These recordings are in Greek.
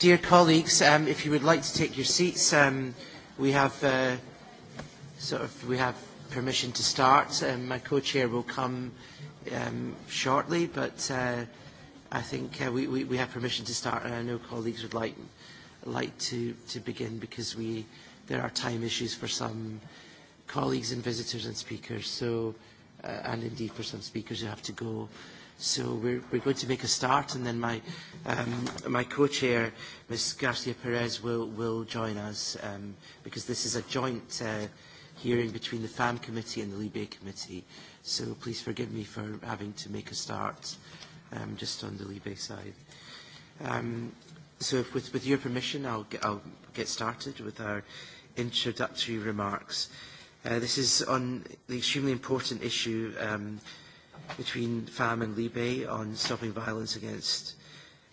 Dear colleagues, um, if you would like to take your seats, um, we have uh, sort of we have permission to start. Um, my co-chair will come um, shortly, but uh, I think uh, we, we, we have permission to start, and I know colleagues would like like to, to begin because we there are time issues for some colleagues and visitors and speakers, so uh, and indeed for some speakers who have to go. So we're, we're going to make a start, and then my, um, my co-chair, Ms. Garcia Perez, will, will join us, um, because this is a joint uh, hearing between the FAM Committee and the Libe Committee. So please forgive me for having to make a start um, just on the Libe side. Um, so with, with your permission, I'll get, I'll get started with our introductory remarks. Uh, this is on the extremely important issue um, between FAM and LIBE on stopping violence against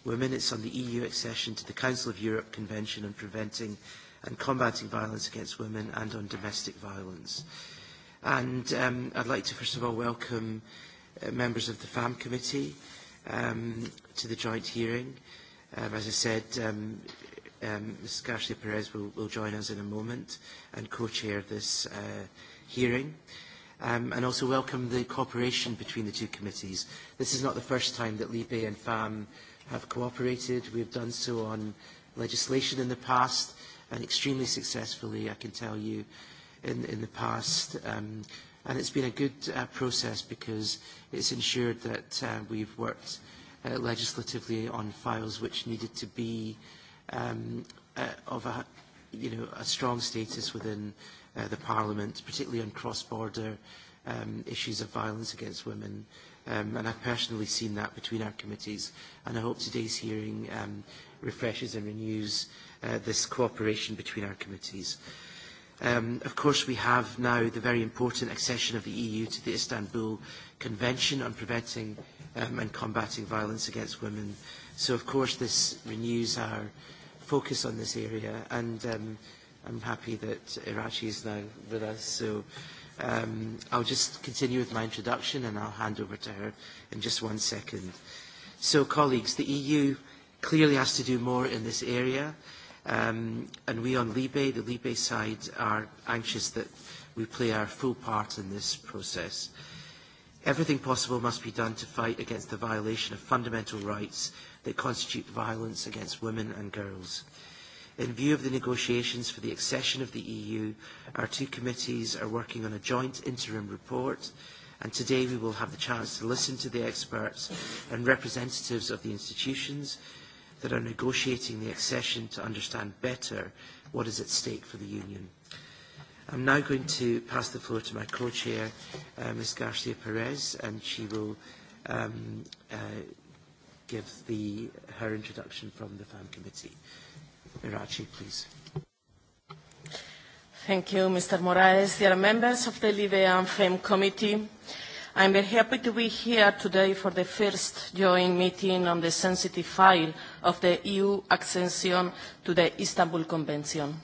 women. It's on the EU accession to the Council of Europe Convention on Preventing and Combating Violence Against Women and on Domestic Violence. And um, I'd like to first of all welcome members of the FAM committee to the joint hearing. as I said, Ms. Garcia Perez will, join us in a moment and co-chair this hearing and also welcome the cooperation between the two committees. This is not the first time that LIBE and FAM have cooperated. We have done so on legislation in the past and extremely successfully, I can tell you, in, the past. Um, and it's been a good process because it's ensured that we've worked legislatively on files which needed to be of a, a strong status within the Parliament, particularly on cross-border issues of violence against women. And I've personally seen that between our committees. And I hope today's hearing refreshes and renews this cooperation between our committees. Of course, we have now the very important accession of the EU to the Istanbul Convention on Preventing and Combating Violence Against Women. So, of course, this renews our focus on this area. And I'm happy that Irachi is now with us, so um, I'll just continue with my introduction and I'll hand over to her in just one second. So, colleagues, the EU clearly has to do more in this area, um, and we on Libe, the Libe side, are anxious that we play our full part in this process. Everything possible must be done to fight against the violation of fundamental rights that constitute violence against women and girls. In view of the negotiations for the accession of the EU, our two committees are working on a joint interim report, and today we will have the chance to listen to the experts and representatives of the institutions that are negotiating the accession to understand better what is at stake for the Union. I'm now going to pass the floor to my co-chair, Ms. Garcia Perez, and she will give her introduction from the FAM Committee. Rachi, please. Thank you, Mr. Moraes. Dear members of the Libyan and FEM committee, I'm very happy to be here today for the first joint meeting on the sensitive file of the EU accession to the Istanbul Convention.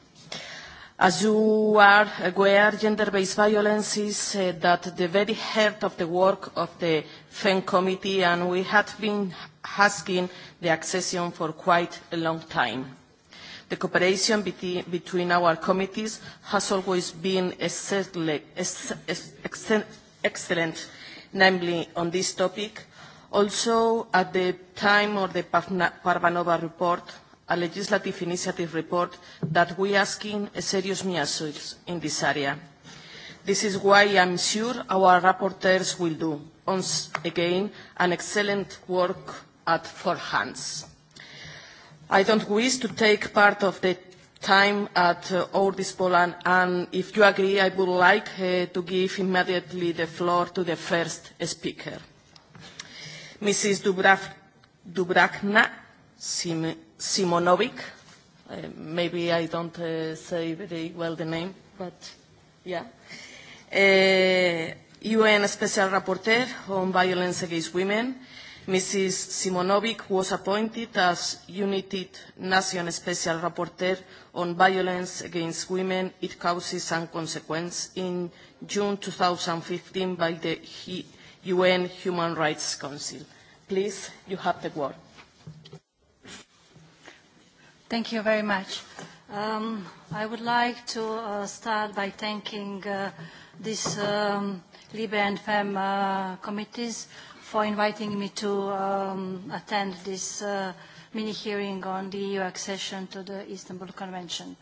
As you are aware, gender-based violence is at the very heart of the work of the FEM committee, and we have been asking the accession for quite a long time. The cooperation between our committees has always been excellent, namely on this topic. Also, at the time of the Parvanova report, a legislative initiative report, that we are asking serious measures in this area. This is why I am sure our rapporteurs will do, once again, an excellent work at four hands. I don't wish to take part of the time at all this Poland, and if you agree, I would like to give immediately the floor to the first speaker. Mrs. Dubravna Simonovic. Maybe I don't say very well the name, but yeah. UN Special Rapporteur on Violence Against Women Mrs. Simonovic was appointed as United Nations Special Rapporteur on Violence Against Women, It Causes and Consequences in June 2015 by the UN Human Rights Council. Please, you have the word. Thank you very much. I would like to start by thanking this LIBE and FEM committees for inviting me to attend this mini-hearing on the EU accession to the Istanbul Convention.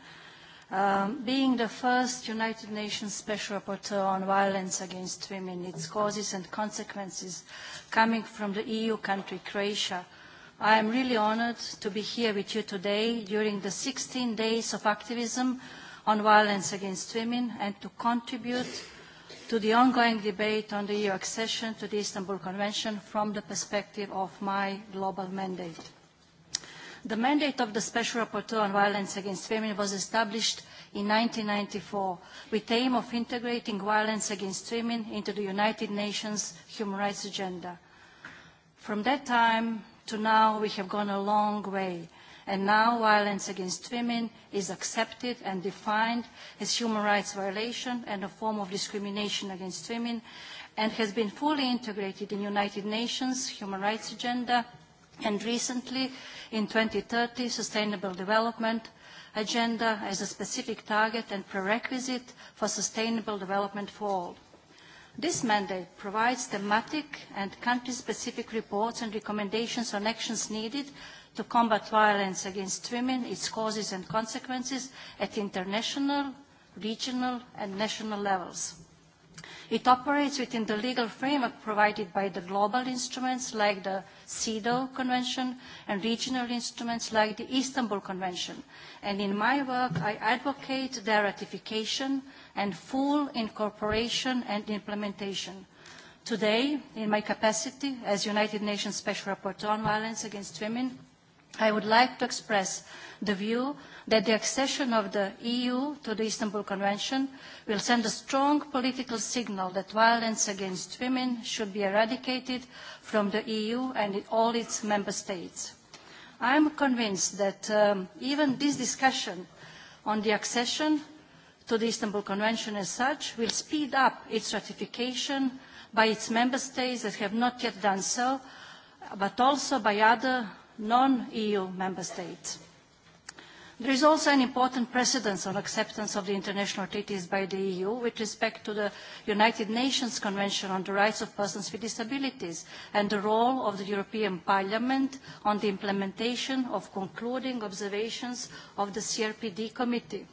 Being the first United Nations Special Rapporteur on violence against women, its causes and consequences coming from the EU country, Croatia, I am really honored to be here with you today during the 16 days of activism on violence against women and to contribute to the ongoing debate on the EU accession to the Istanbul Convention from the perspective of my global mandate. The mandate of the Special Rapporteur on Violence Against Women was established in 1994 with the aim of integrating violence against women into the United Nations human rights agenda. From that time to now, we have gone a long way and now violence against women is accepted and defined as human rights violation and a form of discrimination against women and has been fully integrated in United Nations human rights agenda and recently in 2030 Sustainable Development Agenda as a specific target and prerequisite for sustainable development for all. This mandate provides thematic and country-specific reports and recommendations on actions needed to combat violence against women, its causes and consequences at international, regional and national levels. It operates within the legal framework provided by the global instruments like the CEDAW Convention and regional instruments like the Istanbul Convention. And in my work, I advocate their ratification and full incorporation and implementation. Today, in my capacity as United Nations Special Rapporteur on Violence Against Women, I would like to express the view that the accession of the EU to the Istanbul Convention will send a strong political signal that violence against women should be eradicated from the EU and all its member states. I am convinced that even this discussion on the accession to the Istanbul Convention as such will speed up its ratification by its member states that have not yet done so, but also by other non-EU member states. There is also an important precedence on acceptance of the international treaties by the EU with respect to the United Nations Convention on the Rights of Persons with Disabilities and the role of the European Parliament on the implementation of concluding observations of the CRPD Committee.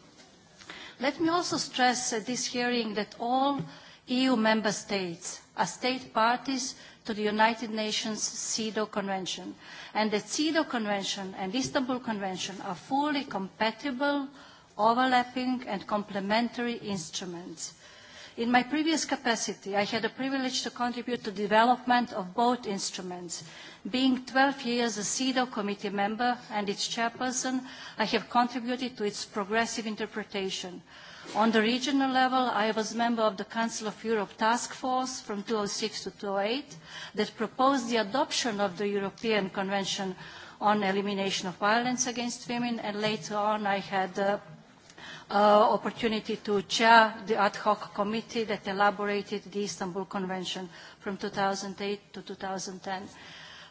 Let me also stress at this hearing that all EU member states are state parties to the United Nations CEDAW Convention. And the CEDAW Convention and Istanbul Convention are fully compatible, overlapping and complementary instruments. In my previous capacity, I had the privilege to contribute to the development of both instruments. Being 12 years a CEDAW committee member and its chairperson, I have contributed to its progressive interpretation. On the regional level, I was member of the Council of Europe Task Force from 2006 to 2008 that proposed the adoption of the European Convention on Elimination of Violence Against Women, and later on I had the opportunity to chair the ad hoc committee that elaborated the Istanbul Convention from 2008 to 2010.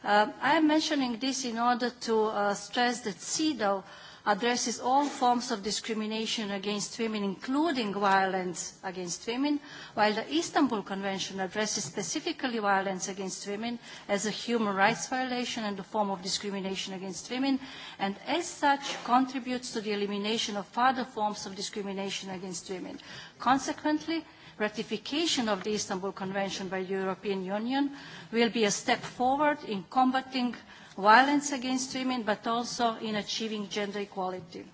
I am mentioning this in order to stress that CEDAW addresses all forms of discrimination against women, including violence against women, while the Istanbul Convention addresses specifically violence against women as a human rights violation and a form of discrimination against women, and as such contributes to the elimination of further forms of discrimination against women. Consequently, ratification of the Istanbul Convention by the European Union will be a step forward in combating violence against women, but also in achieving gender equality.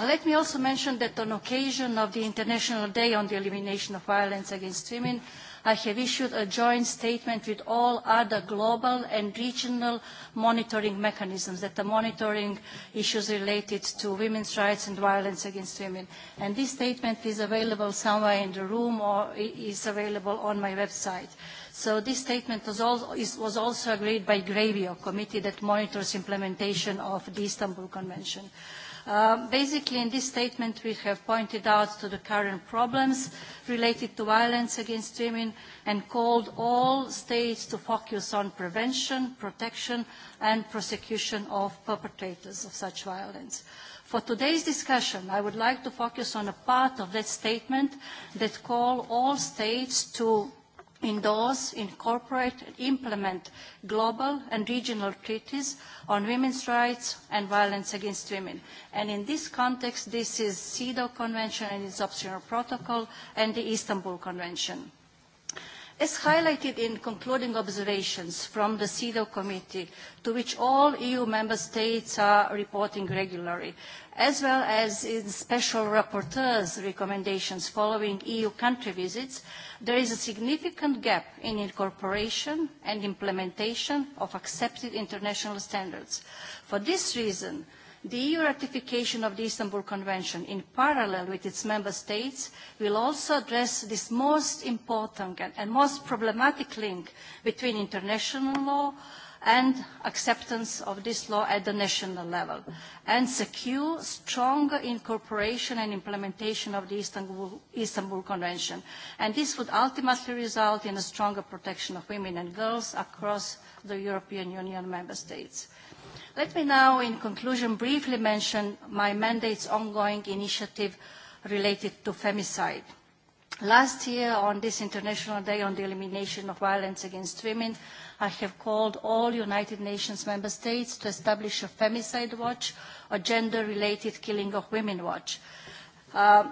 Let me also mention that on occasion of the International Day on the Elimination of Violence Against Women, I have issued a joint statement with all other global and regional monitoring mechanisms that are monitoring issues related to women's rights and violence against women. And this statement is available somewhere in the room or is available on my website. So this statement was also agreed by Gravio committee that monitors implementation of the Istanbul Convention. Basically, in this statement, we have pointed out to the current problems related to violence against women and called all states to focus on prevention, protection, and prosecution of perpetrators of such violence. For today's discussion, I would like to focus on a part of that statement that call all states to endorse, incorporate and implement global and regional treaties on women's rights and violence against women. And in this context, this is CEDAW Convention and its optional protocol and the Istanbul Convention. As highlighted in concluding observations from the CEDAW Committee, to which all EU member states are reporting regularly, as well as in special rapporteurs' recommendations following EU country visits, there is a significant gap in incorporation and implementation of accepted international standards. For this reason, the EU ratification of the Istanbul Convention, in parallel with its member states, will also address this most important and most problematic link between international law, and acceptance of this law at the national level, and secure stronger incorporation and implementation of the Istanbul Convention. And this would ultimately result in a stronger protection of women and girls across the European Union member states. Let me now, in conclusion, briefly mention my mandate's ongoing initiative related to femicide. Last year, on this International Day on the Elimination of Violence Against Women, I have called all United Nations member states to establish a femicide watch, a gender-related killing of women watch.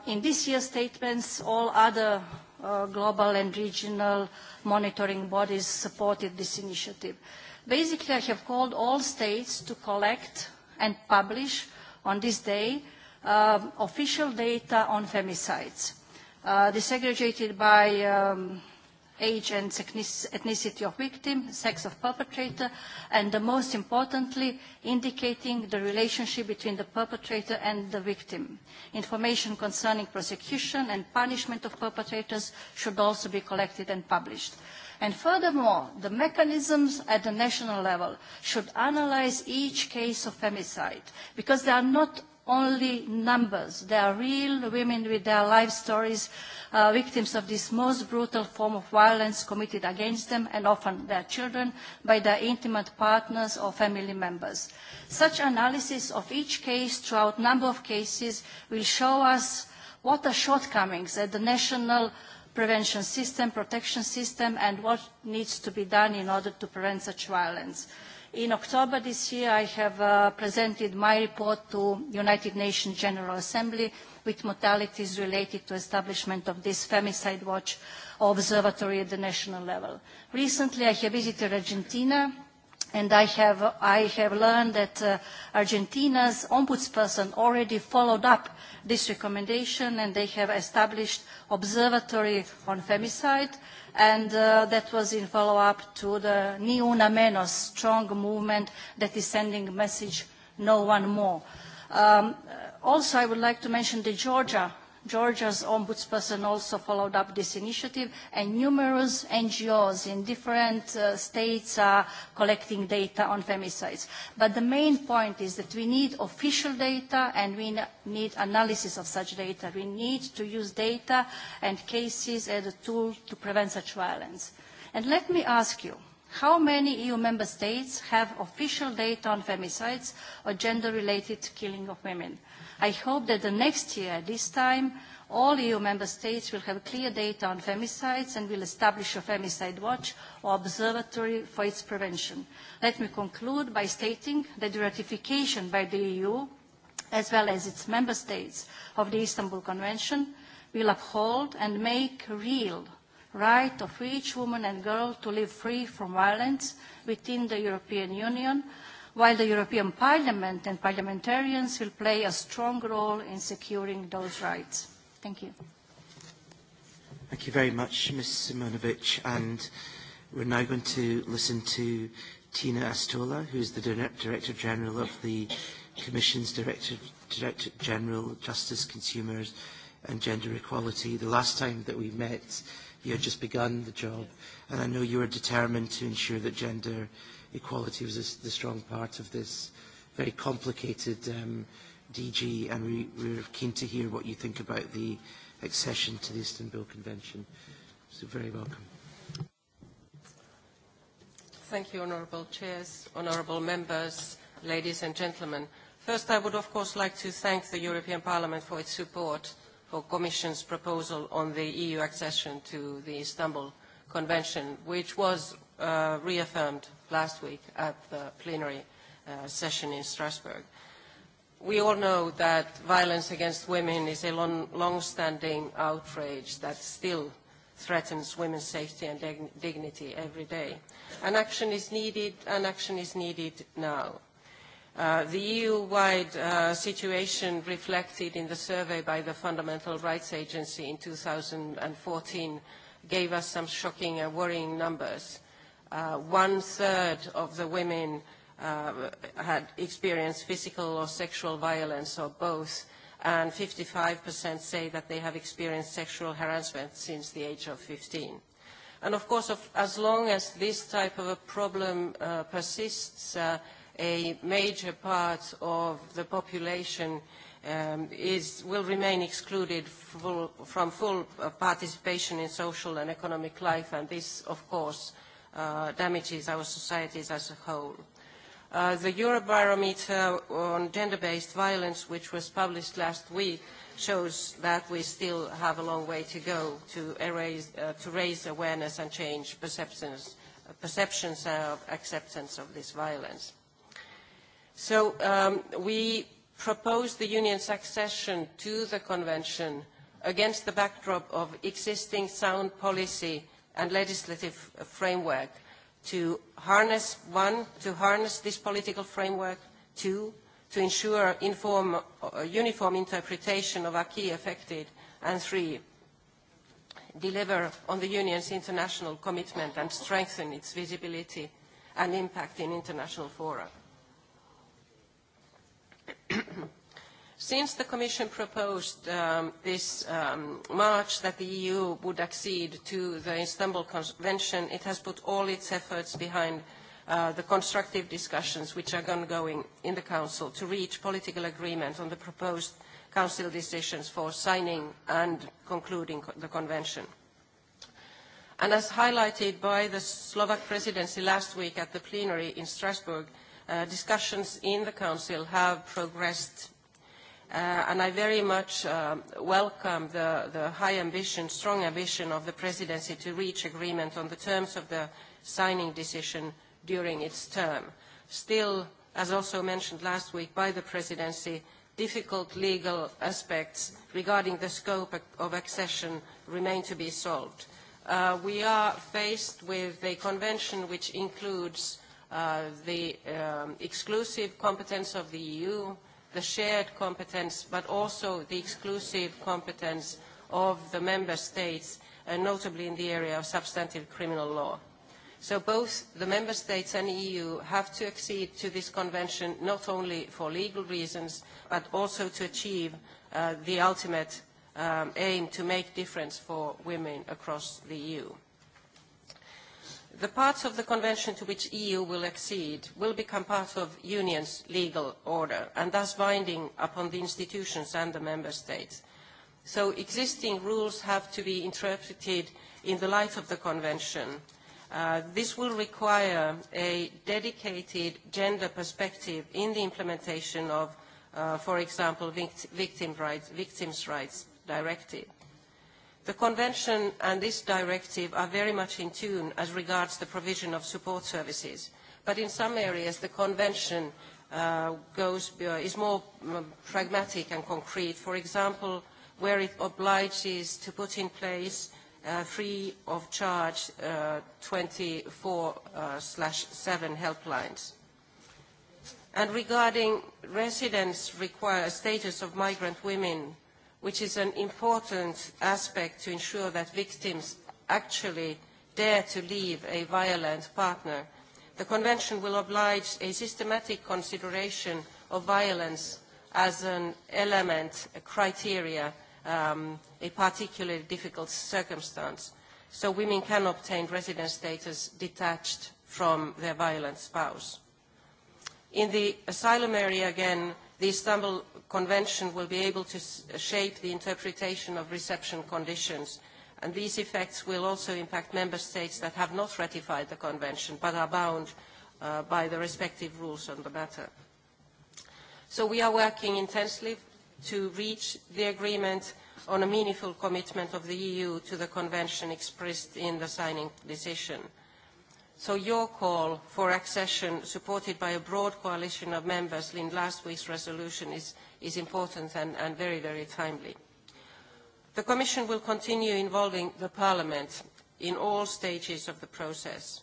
In this year's statements, all other global and regional monitoring bodies supported this initiative. Basically, I have called all states to collect and publish on this day official data on femicides desegregated by age and ethnicity of victim, sex of perpetrator, and most importantly, indicating the relationship between the perpetrator and the victim. Information concerning prosecution and punishment of perpetrators should also be collected and published. And furthermore, the mechanisms at the national level should analyze each case of femicide, because they are not only numbers. They are real women with their life stories, victims of this most brutal form of violence committed against them and often their children by their intimate partners or family members. Such analysis of each case throughout a number of cases will show us what are shortcomings at the national prevention system, protection system and what needs to be done in order to prevent such violence. In October this year, I have presented my report to United Nations General Assembly with modalities related to establishment of this femicide watch observatory at the national level. Recently, I have visited Argentina and I have, I have learned that Argentina's ombudsperson already followed up this recommendation and they have established observatory on femicide and that was in follow-up to the "Ni Una Menos strong movement that is sending message no one more. Also, I would like to mention the Georgia Georgia's ombudsperson also followed up this initiative, and numerous NGOs in different states are collecting data on femicides. But the main point is that we need official data and we need analysis of such data. We need to use data and cases as a tool to prevent such violence. And let me ask you, how many EU member states have official data on femicides or gender-related killing of women? I hope that the next year, at this time, all EU member states will have clear data on femicides and will establish a femicide watch or observatory for its prevention. Let me conclude by stating that the ratification by the EU, as well as its member states, of the Istanbul Convention will uphold and make real right of each woman and girl to live free from violence within the European Union while the European Parliament and parliamentarians will play a strong role in securing those rights. Thank you. Thank you very much, Ms. Simonovic. And we're now going to listen to Tina Astola, who is the Director General of the Commission's Director, Director General Justice, Consumers and Gender Equality. The last time that we met, you had just begun the job, and I know you were determined to ensure that gender equality was the strong part of this very complicated DG, and we, we're keen to hear what you think about the accession to the Istanbul Convention. So very welcome. Thank you, Honourable Chairs, Honourable Members, ladies and gentlemen. First, I would of course like to thank the European Parliament for its support for Commission's proposal on the EU accession to the Istanbul Convention, which was reaffirmed last week at the plenary session in Strasbourg. We all know that violence against women is a long-standing outrage that still threatens women's safety and dignity every day. And action is needed, and action is needed now. The EU-wide situation reflected in the survey by the Fundamental Rights Agency in 2014 gave us some shocking and worrying numbers one-third of the women had experienced physical or sexual violence or both, and 55% say that they have experienced sexual harassment since the age of 15. And of course, as long as this type of a problem persists, a major part of the population will remain excluded from full participation in social and economic life, and this, of course, damages our societies as a whole. The Eurobarometer on gender-based violence, which was published last week, shows that we still have a long way to go to raise awareness and change perceptions of acceptance of this violence. So we propose the Union's accession to the Convention against the backdrop of existing sound policy and legislative framework to harness, one, to harness this political framework, two, to ensure uniform interpretation of our key affected, and three, deliver on the Union's international commitment and strengthen its visibility and impact in international fora. Since the Commission proposed this March that the EU would accede to the Istanbul Convention, it has put all its efforts behind the constructive discussions which are ongoing in the Council to reach political agreement on the proposed Council decisions for signing and concluding the Convention. And as highlighted by the Slovak Presidency last week at the plenary in Strasbourg, discussions in the Council have progressed and I very much welcome the high ambition, strong ambition of the Presidency to reach agreement on the terms of the signing decision during its term. Still, as also mentioned last week by the Presidency, difficult legal aspects regarding the scope of accession remain to be solved. We are faced with a convention which includes the exclusive competence of the EU, the shared competence but also the exclusive competence of the member states, notably in the area of substantive criminal law. So both the member states and the EU have to accede to this convention not only for legal reasons but also to achieve the ultimate aim to make difference for women across the EU. The parts of the Convention to which the EU will accede will become part of the Union's legal order and thus binding upon the institutions and the Member States. So existing rules have to be interpreted in the light of the Convention. This will require a dedicated gender perspective in the implementation of, for example, Victims' Rights Directive. The Convention and this directive are very much in tune as regards the provision of support services, but in some areas the Convention is more pragmatic and concrete, for example, where it obliges to put in place free of charge 24/7 helplines. And regarding residence status of migrant women, which is an important aspect to ensure that victims actually dare to leave a violent partner. The Convention will oblige a systematic consideration of violence as an element, a criteria, a particularly difficult circumstance. So women can obtain residence status detached from their violent spouse. In the asylum area again, The Istanbul Convention will be able to shape the interpretation of reception conditions, and these effects will also impact member states that have not ratified the convention but are bound by the respective rules on the matter. So we are working intensely to reach the agreement on a meaningful commitment of the EU to the convention expressed in the signing decision. So your call for accession, supported by a broad coalition of members in last week's resolution, is important and very, very timely. The Commission will continue involving the Parliament in all stages of the process.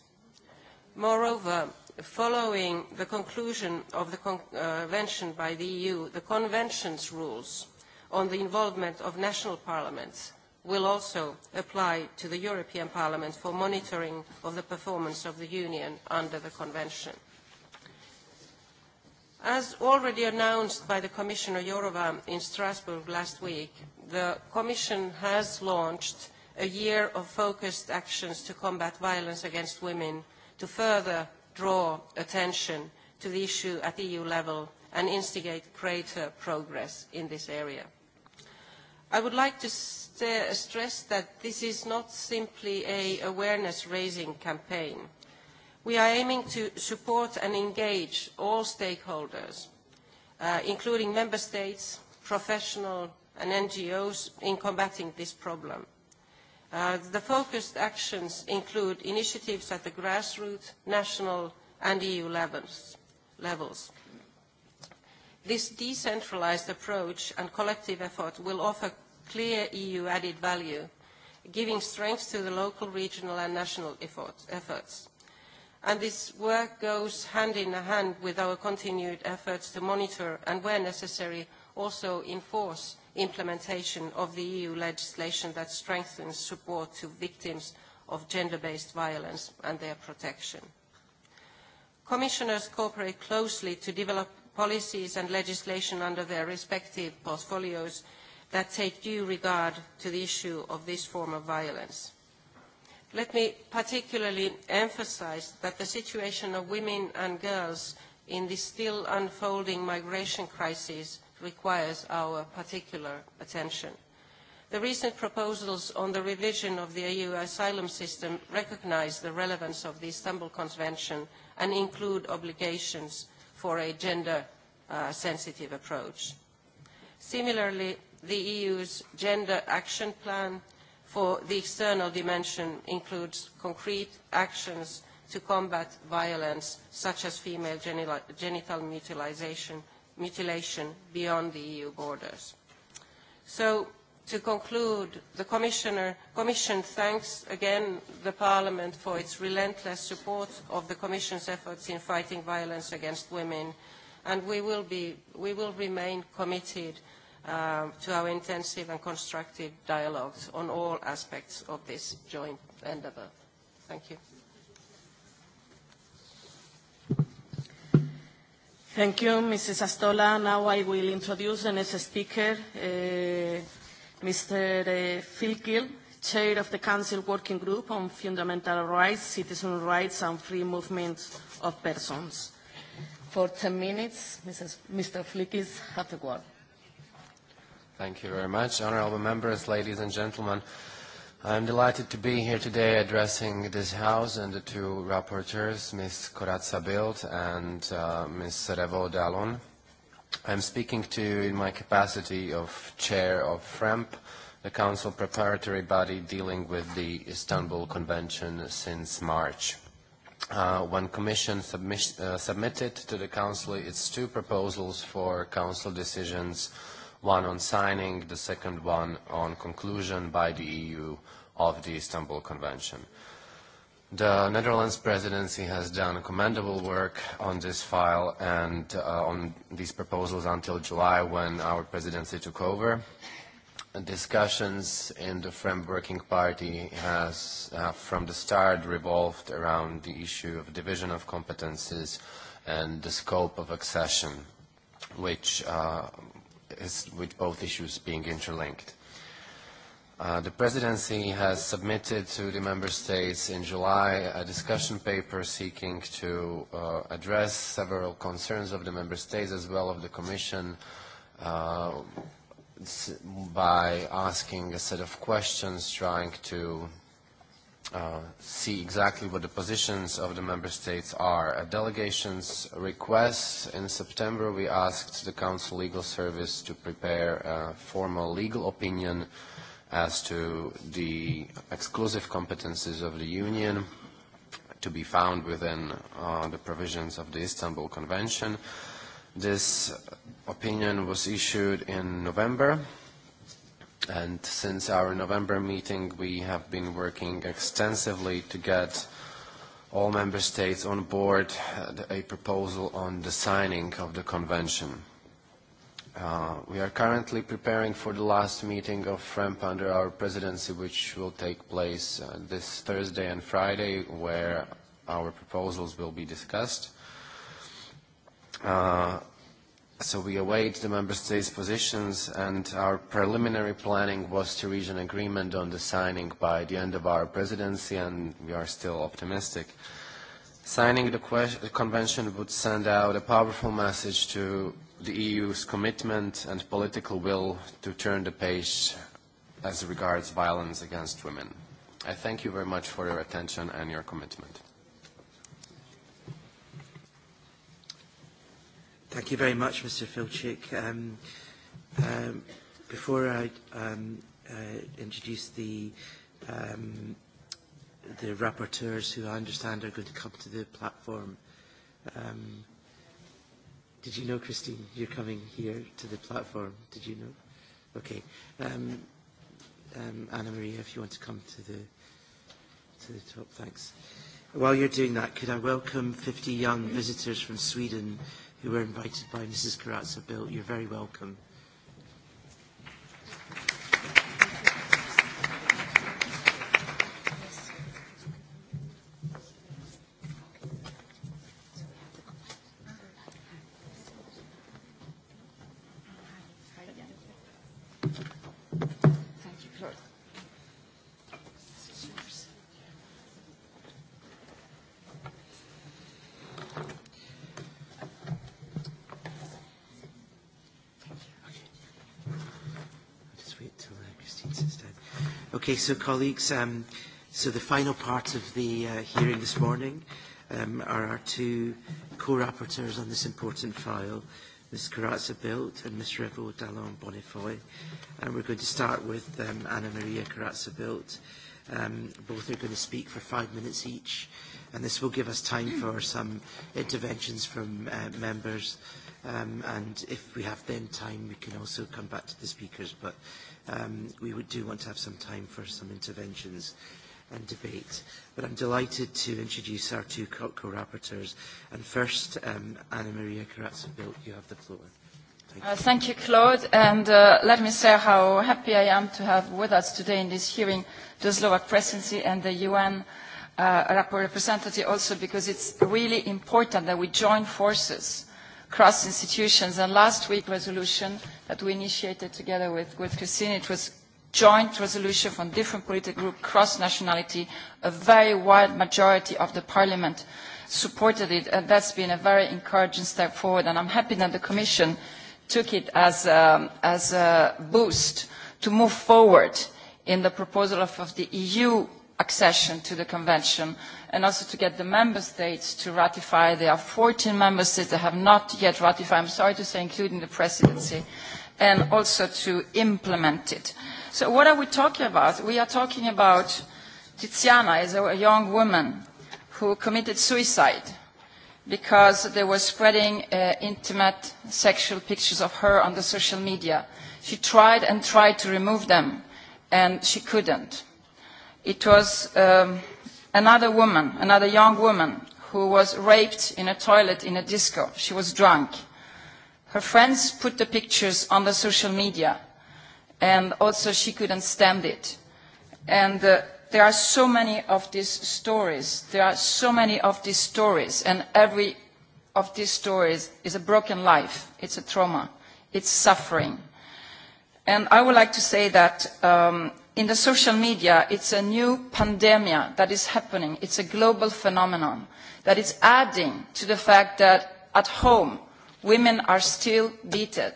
Moreover, following the conclusion of the convention by the EU, the Convention's rules on the involvement of national parliaments will also apply to the European Parliament for monitoring of the performance of the Union under the Convention. As already announced by the Commissioner Jourova in Strasbourg last week, the Commission has launched a year of focused actions to combat violence against women to further draw attention to the issue at EU level and instigate greater progress in this area. I would like to stress that this is not simply an awareness-raising campaign. We are aiming to support and engage all stakeholders, including member states, professional and NGOs, in combating this problem. The focused actions include initiatives at the grassroots, national and EU levels. This decentralized approach and collective effort will offer clear EU added value, giving strength to the local, regional and national efforts. And this work goes hand in hand with our continued efforts to monitor and, where necessary, also enforce implementation of the EU legislation that strengthens support to victims of gender-based violence and their protection. Commissioners cooperate closely to develop policies and legislation under their respective portfolios that take due regard to the issue of this form of violence. Let me particularly emphasize that the situation of women and girls in this still unfolding migration crisis requires our particular attention. The recent proposals on the revision of the EU asylum system recognize the relevance of the Istanbul Convention and include obligations for a gender-sensitive approach. Similarly, the EU's Gender Action Plan for the external dimension includes concrete actions to combat violence such as female genital mutilation beyond the EU borders. So, to conclude, the Commission thanks again the Parliament for its relentless support of the Commission's efforts in fighting violence against women, and we will remain committed to our intensive and constructive dialogues on all aspects of this joint endeavour. Thank you. Thank you, Mrs. Astola. Now I will introduce the next speaker, Mr. Phil Gill, Chair of the Council Working Group on Fundamental Rights, Citizen Rights and Free Movement of Persons. For 10 minutes, Mr. Flickis, have the word. Thank you very much. Honorable members, ladies and gentlemen, I am delighted to be here today addressing this House and the two rapporteurs, Ms. Corazza bild and Ms. Revo Dallon. I am speaking to you in my capacity of Chair of FREMP, the Council preparatory body dealing with the Istanbul Convention since March. When Commission submitted to the Council its two proposals for Council decisions one on signing, the second one on conclusion by the EU of the Istanbul Convention. The Netherlands presidency has done commendable work on this file and on these proposals until July when our presidency took over. Discussions in the Frame Working Party has from the start revolved around the issue of division of competences and the scope of accession, which with both issues being interlinked. The Presidency has submitted to the Member States in July a discussion paper seeking to address several concerns of the Member States as well of the Commission by asking a set of questions trying to see exactly what the positions of the member states are. A delegations request, in September, we asked the Council Legal Service to prepare a formal legal opinion as to the exclusive competences of the Union to be found within the provisions of the Istanbul Convention. This opinion was issued in November And since our November meeting, we have been working extensively to get all member states on board a proposal on the signing of the convention. We are currently preparing for the last meeting of FRAMP under our presidency, which will take place this Thursday and Friday, where our proposals will be discussed. So we await the Member States' positions, and our preliminary planning was to reach an agreement on the signing by the end of our presidency, and we are still optimistic. Signing the convention would send out a powerful message to the EU's commitment and political will to turn the page as regards violence against women. I thank you very much for your attention and your commitment. Thank you very much, Mr. Filchik. Um, um, before I um, uh, introduce the um, the rapporteurs, who I understand are going to come to the platform, um, did you know, Christine, you're coming here to the platform? Did you know? Okay. Um, um, Anna Maria, if you want to come to the to the top, thanks. While you're doing that, could I welcome 50 young visitors from Sweden You were invited by Mrs. Carazza Bill. You're very welcome. so colleagues, um, so the final part of the uh, hearing this morning um, are our two co-rapporteurs on this important file, Ms. Carazza Bilt and Ms. Revo Dallon Bonifoy. And we're going to start with um, Anna Maria Carazza Bilt Both are going to speak for five minutes each, and this will give us time for some interventions from members. And if we have then time, we can also come back to the speakers. But we would do want to have some time for some interventions and debate. But I'm delighted to introduce our two co-rapporteurs. And first, Anna Maria corazza you have the floor. Thank you, Claude. And let me say how happy I am to have with us today in this hearing the Slovak presidency and the UN representative also because it's really important that we join forces across institutions. And last week's resolution that we initiated together with Christine, it was joint resolution from different political groups, cross-nationality, a very wide majority of the parliament supported it, and that's been a very encouraging step forward. And I'm happy that the Commission took it as a boost to move forward in the proposal of the EU accession to the Convention and also to get the Member States to ratify. There are 14 Member States that have not yet ratified, I'm sorry to say, including the Presidency, and also to implement it. So what are we talking about? We are talking about Tiziana, is a young woman who committed suicide because they were spreading intimate sexual pictures of her on the social media. She tried and tried to remove them, and she couldn't. It was another woman, another young woman, who was raped in a toilet in a disco. She was drunk. Her friends put the pictures on the social media, and also she couldn't stand it. And there are so many of these stories. There are so many of these stories, and every of these stories is a broken life. It's a trauma. It's suffering. And I would like to say that in the social media, it's a new pandemia that is happening. It's a global phenomenon that is adding to the fact that at home, women are still beaten.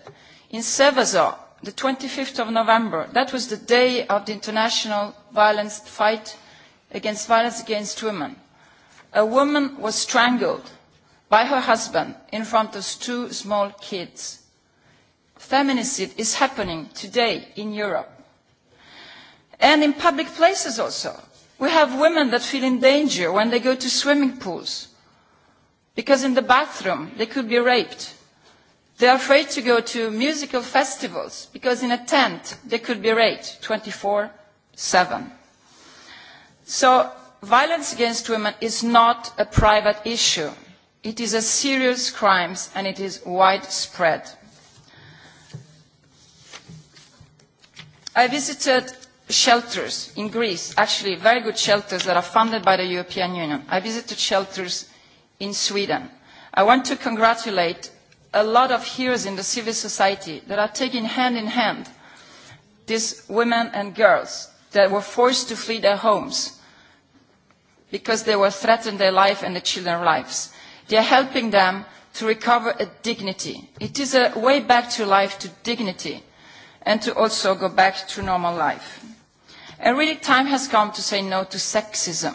In Seveso, the twenty th November. That was the day of the International Violence Fight Against Violence Against Women. A woman was strangled by her husband in front of two small kids. Feminicide is happening today in Europe. And in public places also. We have women that feel in danger when they go to swimming pools because in the bathroom they could be raped They are afraid to go to musical festivals because in a tent they could be raped 24/7. So violence against women is not a private issue. It is a serious crime and it is widespread. I visited shelters in Greece, actually very good shelters that are funded by the European Union. I visited shelters in Sweden. I want to congratulate a lot of heroes in the civil society that are taking hand in hand these women and girls that were forced to flee their homes because they were threatened their life and the children's lives. They are helping them to recover a dignity. It is a way back to life, to dignity, and to also go back to normal life. And really time has come to say no to sexism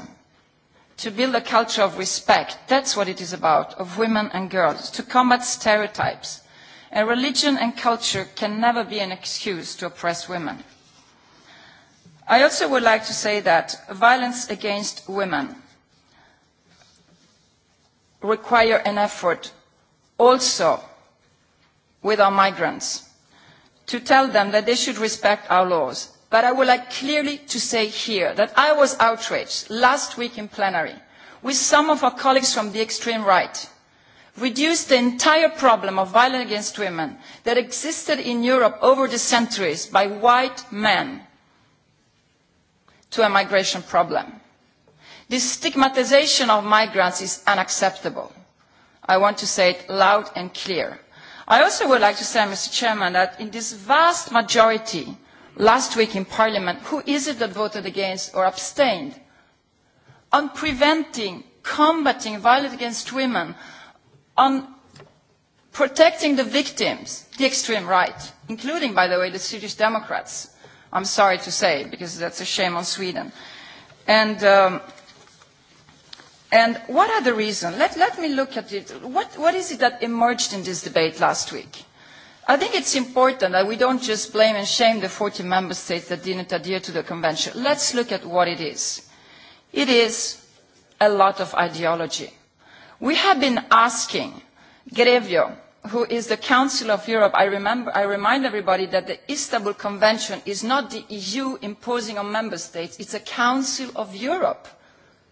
to build a culture of respect. That's what it is about, of women and girls, to combat stereotypes. And religion and culture can never be an excuse to oppress women. I also would like to say that violence against women require an effort also with our migrants to tell them that they should respect our laws But I would like clearly to say here that I was outraged last week in plenary with some of our colleagues from the extreme right reduced the entire problem of violence against women that existed in Europe over the centuries by white men to a migration problem. This stigmatization of migrants is unacceptable. I want to say it loud and clear. I also would like to say, Mr. Chairman, that in this vast majority last week in Parliament, who is it that voted against or abstained? On preventing, combating violence against women, on protecting the victims, the extreme right, including, by the way, the Swedish Democrats, I'm sorry to say, because that's a shame on Sweden. And what are the reasons? Let me look at it. What is it that emerged in this debate last week? I think it's important that we don't just blame and shame the 40 member states that didn't adhere to the convention. Let's look at what it is. It is a lot of ideology. We have been asking Grevio, who is the Council of Europe, I remind everybody that the Istanbul Convention is not the EU imposing on member states, it's a Council of Europe.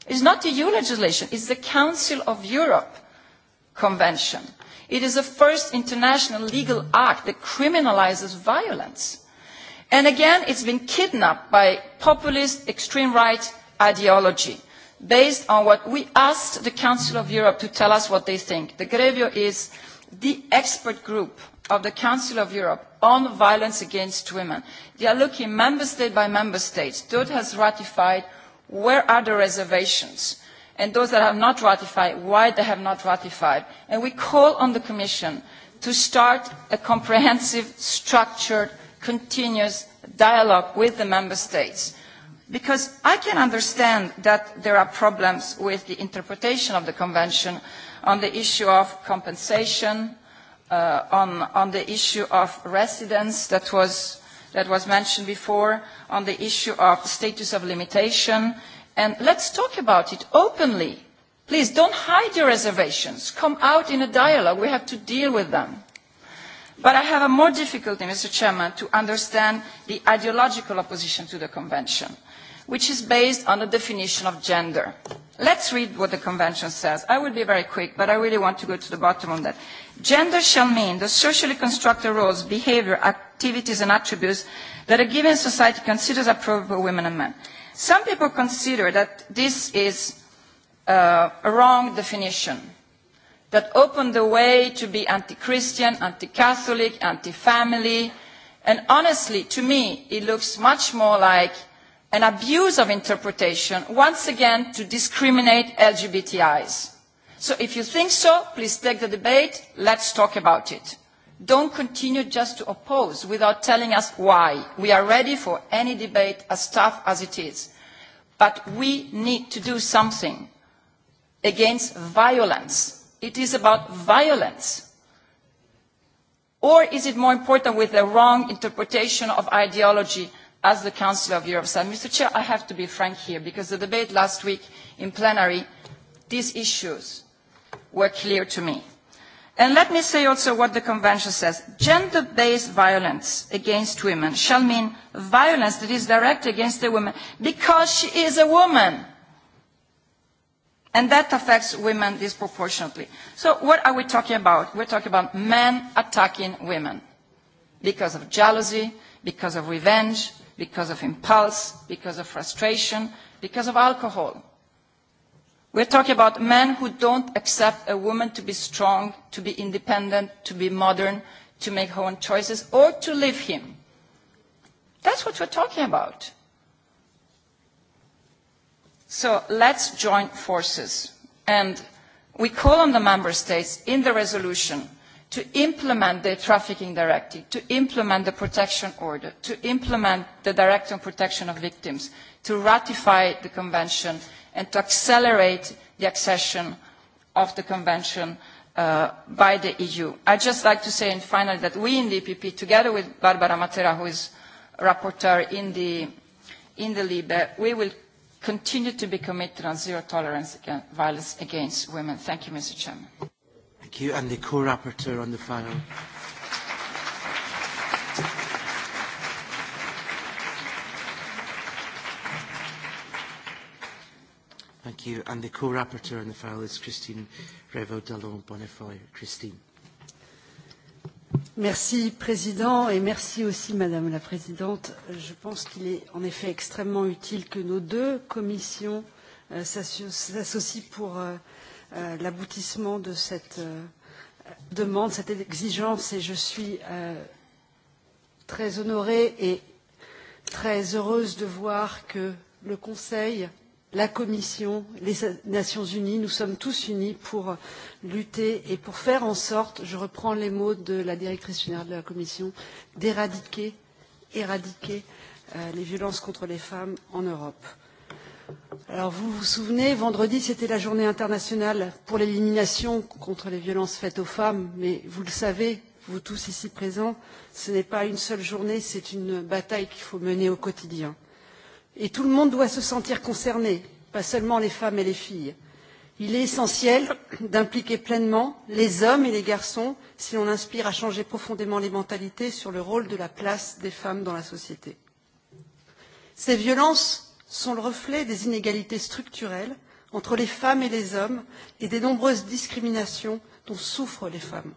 It's not EU legislation, it's the Council of Europe Convention. It is the first international legal act that criminalizes violence. And again, it's been kidnapped by populist extreme right ideology based on what we asked the Council of Europe to tell us what they think. The Grevio is the expert group of the Council of Europe on violence against women. They are looking member state by member state. DOT has ratified. Where are the reservations? and those that have not ratified, why they have not ratified. And we call on the Commission to start a comprehensive, structured, continuous dialogue with the Member States. Because I can understand that there are problems with the interpretation of the Convention on the issue of compensation, on the issue of residence that was mentioned before, on the issue of status of limitation, and let's talk about it openly. Please don't hide your reservations. Come out in a dialogue. We have to deal with them. But I have a more difficulty, Mr. Chairman, to understand the ideological opposition to the Convention, which is based on the definition of gender. Let's read what the Convention says. I will be very quick, but I really want to go to the bottom of that. Gender shall mean the socially constructed roles, behavior, activities and attributes that a given society considers appropriate for women and men. Some people consider that this is a wrong definition that opened the way to be anti-Christian, anti-Catholic, anti-family. And honestly, to me, it looks much more like an abuse of interpretation, once again, to discriminate LGBTIs. So if you think so, please take the debate. Let's talk about it. Don't continue just to oppose without telling us why. We are ready for any debate as tough as it is. But we need to do something against violence. It is about violence. Or is it more important with the wrong interpretation of ideology as the Council of Europe said? Mr. Chair, I have to be frank here because the debate last week in plenary, these issues were clear to me. And let me say also what the Convention says. Gender-based violence against women shall mean violence that is directed against a woman because she is a woman. And that affects women disproportionately. So what are we talking about? We're talking about men attacking women because of jealousy, because of revenge, because of impulse, because of frustration, because of alcohol. We are talking about men who don't accept a woman to be strong, to be independent, to be modern, to make her own choices, or to leave him. That's what we are talking about. So let's join forces. And we call on the member states in the resolution to implement the trafficking directive, to implement the protection order, to implement the directive on protection of victims, to ratify the convention and to accelerate the accession of the Convention by the EU. I'd just like to say, in finally, that we in the EPP, together with Barbara Matera, who is rapporteur in the LIBE, we will continue to be committed on zero tolerance against violence against women. Thank you, Mr. Chairman. Thank you, and the co-rapporteur on the final. Thank you. And the co-rapporteur on the file is Christine Revo dallon Bonnefoy. Christine. Merci, Président, et merci aussi, Madame la Présidente. Je pense qu'il est en effet extrêmement utile que nos deux commissions s'associent pour l'aboutissement de cette demande, cette exigence, et je suis très honorée et très heureuse de voir que le Conseil la Commission, les Nations Unies, nous sommes tous unis pour lutter et pour faire en sorte, je reprends les mots de la directrice générale de la Commission, d'éradiquer, éradiquer les violences contre les femmes en Europe. Alors vous vous souvenez, vendredi c'était la journée internationale pour l'élimination contre les violences faites aux femmes, mais vous le savez, vous tous ici présents, ce n'est pas une seule journée, c'est une bataille qu'il faut mener au quotidien et tout le monde doit se sentir concerné pas seulement les femmes et les filles. il est essentiel d'impliquer pleinement les hommes et les garçons si l'on inspire à changer profondément les mentalités sur le rôle de la place des femmes dans la société. ces violences sont le reflet des inégalités structurelles entre les femmes et les hommes et des nombreuses discriminations dont souffrent les femmes.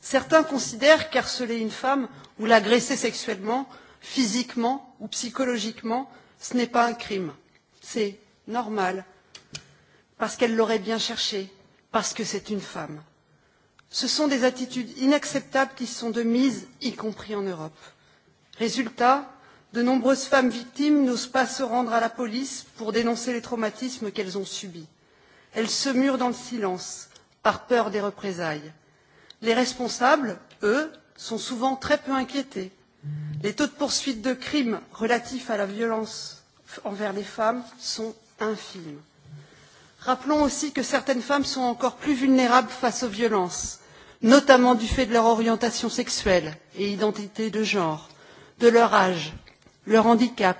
certains considèrent qu'harceler une femme ou l'agresser sexuellement physiquement ou psychologiquement, ce n'est pas un crime. C'est normal, parce qu'elle l'aurait bien cherché, parce que c'est une femme. Ce sont des attitudes inacceptables qui sont de mise, y compris en Europe. Résultat, de nombreuses femmes victimes n'osent pas se rendre à la police pour dénoncer les traumatismes qu'elles ont subis. Elles se murent dans le silence, par peur des représailles. Les responsables, eux, sont souvent très peu inquiétés Les taux de poursuite de crimes relatifs à la violence envers les femmes sont infimes. Rappelons aussi que certaines femmes sont encore plus vulnérables face aux violences, notamment du fait de leur orientation sexuelle et identité de genre, de leur âge, leur handicap,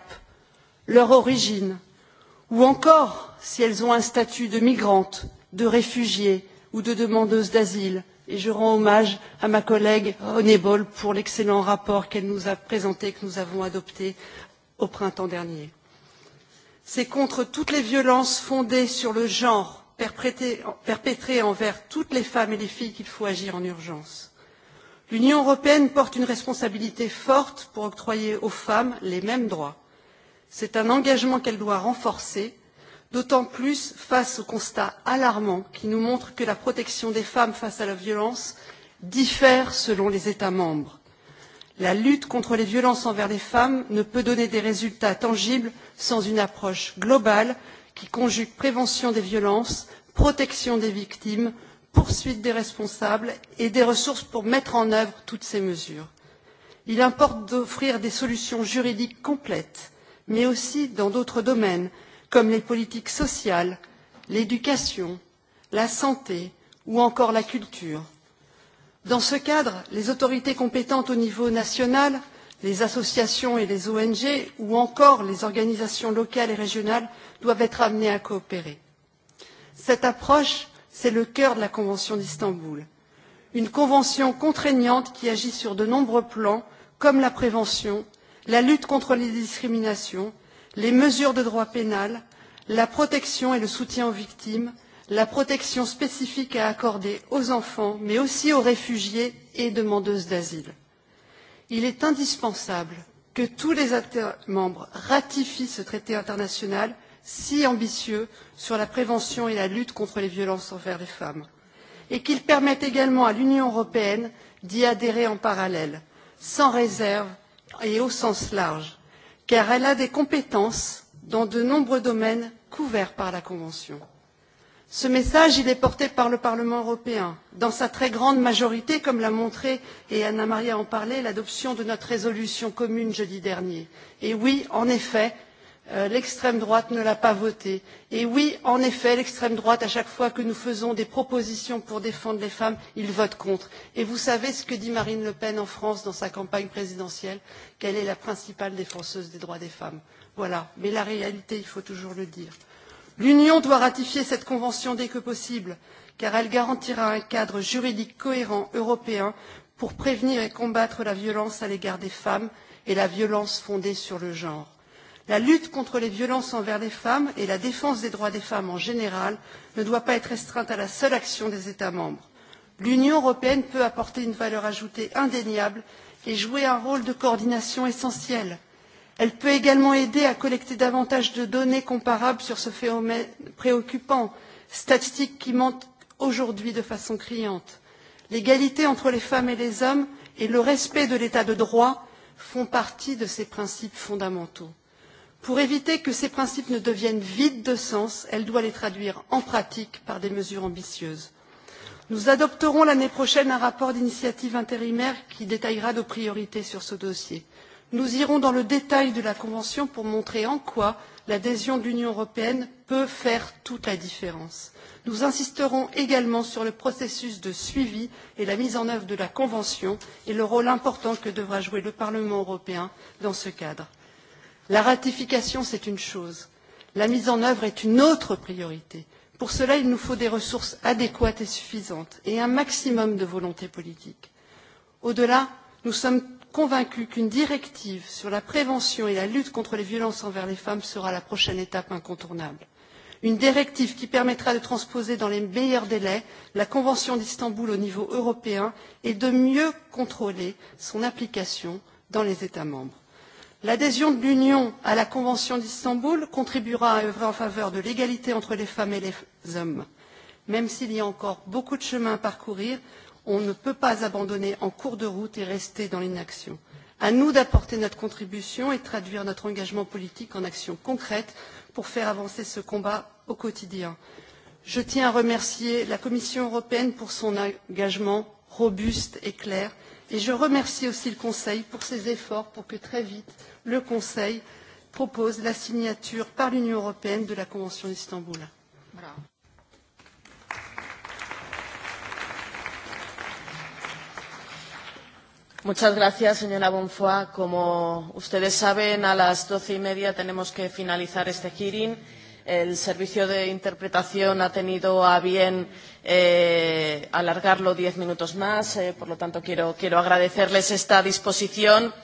leur origine, ou encore si elles ont un statut de migrante, de réfugiée ou de demandeuse d'asile, et je rends hommage à ma collègue René Boll pour l'excellent rapport qu'elle nous a présenté et que nous avons adopté au printemps dernier. C'est contre toutes les violences fondées sur le genre perpétrées envers toutes les femmes et les filles qu'il faut agir en urgence. L'Union européenne porte une responsabilité forte pour octroyer aux femmes les mêmes droits. C'est un engagement qu'elle doit renforcer d'autant plus face au constat alarmant qui nous montre que la protection des femmes face à la violence diffère selon les États membres. La lutte contre les violences envers les femmes ne peut donner des résultats tangibles sans une approche globale qui conjugue prévention des violences, protection des victimes, poursuite des responsables et des ressources pour mettre en œuvre toutes ces mesures. Il importe d'offrir des solutions juridiques complètes, mais aussi dans d'autres domaines comme les politiques sociales, l'éducation, la santé ou encore la culture. Dans ce cadre, les autorités compétentes au niveau national, les associations et les ONG ou encore les organisations locales et régionales doivent être amenées à coopérer. Cette approche, c'est le cœur de la Convention d'Istanbul, une convention contraignante qui agit sur de nombreux plans, comme la prévention, la lutte contre les discriminations, les mesures de droit pénal, la protection et le soutien aux victimes, la protection spécifique à accorder aux enfants, mais aussi aux réfugiés et demandeuses d'asile. Il est indispensable que tous les États membres ratifient ce traité international si ambitieux sur la prévention et la lutte contre les violences envers les femmes, et qu'il permette également à l'Union européenne d'y adhérer en parallèle, sans réserve et au sens large car elle a des compétences dans de nombreux domaines couverts par la Convention. Ce message, il est porté par le Parlement européen, dans sa très grande majorité, comme l'a montré, et Anna-Maria en parlait, l'adoption de notre résolution commune jeudi dernier. Et oui, en effet, l'extrême droite ne l'a pas voté. Et oui, en effet, l'extrême droite, à chaque fois que nous faisons des propositions pour défendre les femmes, il vote contre. Et vous savez ce que dit Marine Le Pen en France dans sa campagne présidentielle, qu'elle est la principale défenseuse des droits des femmes. Voilà. Mais la réalité, il faut toujours le dire. L'Union doit ratifier cette convention dès que possible, car elle garantira un cadre juridique cohérent européen pour prévenir et combattre la violence à l'égard des femmes et la violence fondée sur le genre. La lutte contre les violences envers les femmes et la défense des droits des femmes en général ne doit pas être restreinte à la seule action des États membres. L'Union européenne peut apporter une valeur ajoutée indéniable et jouer un rôle de coordination essentiel. Elle peut également aider à collecter davantage de données comparables sur ce phénomène préoccupant, statistiques qui mentent aujourd'hui de façon criante. L'égalité entre les femmes et les hommes et le respect de l'état de droit font partie de ces principes fondamentaux. Pour éviter que ces principes ne deviennent vides de sens, elle doit les traduire en pratique par des mesures ambitieuses. Nous adopterons l'année prochaine un rapport d'initiative intérimaire qui détaillera nos priorités sur ce dossier. Nous irons dans le détail de la Convention pour montrer en quoi l'adhésion de l'Union européenne peut faire toute la différence. Nous insisterons également sur le processus de suivi et la mise en œuvre de la Convention et le rôle important que devra jouer le Parlement européen dans ce cadre. La ratification, c'est une chose. La mise en œuvre est une autre priorité. Pour cela, il nous faut des ressources adéquates et suffisantes et un maximum de volonté politique. Au-delà, nous sommes convaincus qu'une directive sur la prévention et la lutte contre les violences envers les femmes sera la prochaine étape incontournable. Une directive qui permettra de transposer dans les meilleurs délais la Convention d'Istanbul au niveau européen et de mieux contrôler son application dans les États membres. L'adhésion de l'Union à la Convention d'Istanbul contribuera à œuvrer en faveur de l'égalité entre les femmes et les hommes. Même s'il y a encore beaucoup de chemin à parcourir, on ne peut pas abandonner en cours de route et rester dans l'inaction. À nous d'apporter notre contribution et de traduire notre engagement politique en actions concrètes pour faire avancer ce combat au quotidien. Je tiens à remercier la Commission européenne pour son engagement robuste et clair Et je remercie aussi le Conseil pour ses efforts pour que très vite le Conseil propose la signature par l'Union européenne de la Convention d'Istanbul. Muchas gracias, señora Bonfoy. Como ustedes saben, a las doce y media tenemos que finalizar este hearing El servicio de interpretación ha tenido a bien eh, alargarlo diez minutos más, por lo tanto quiero, quiero agradecerles esta disposición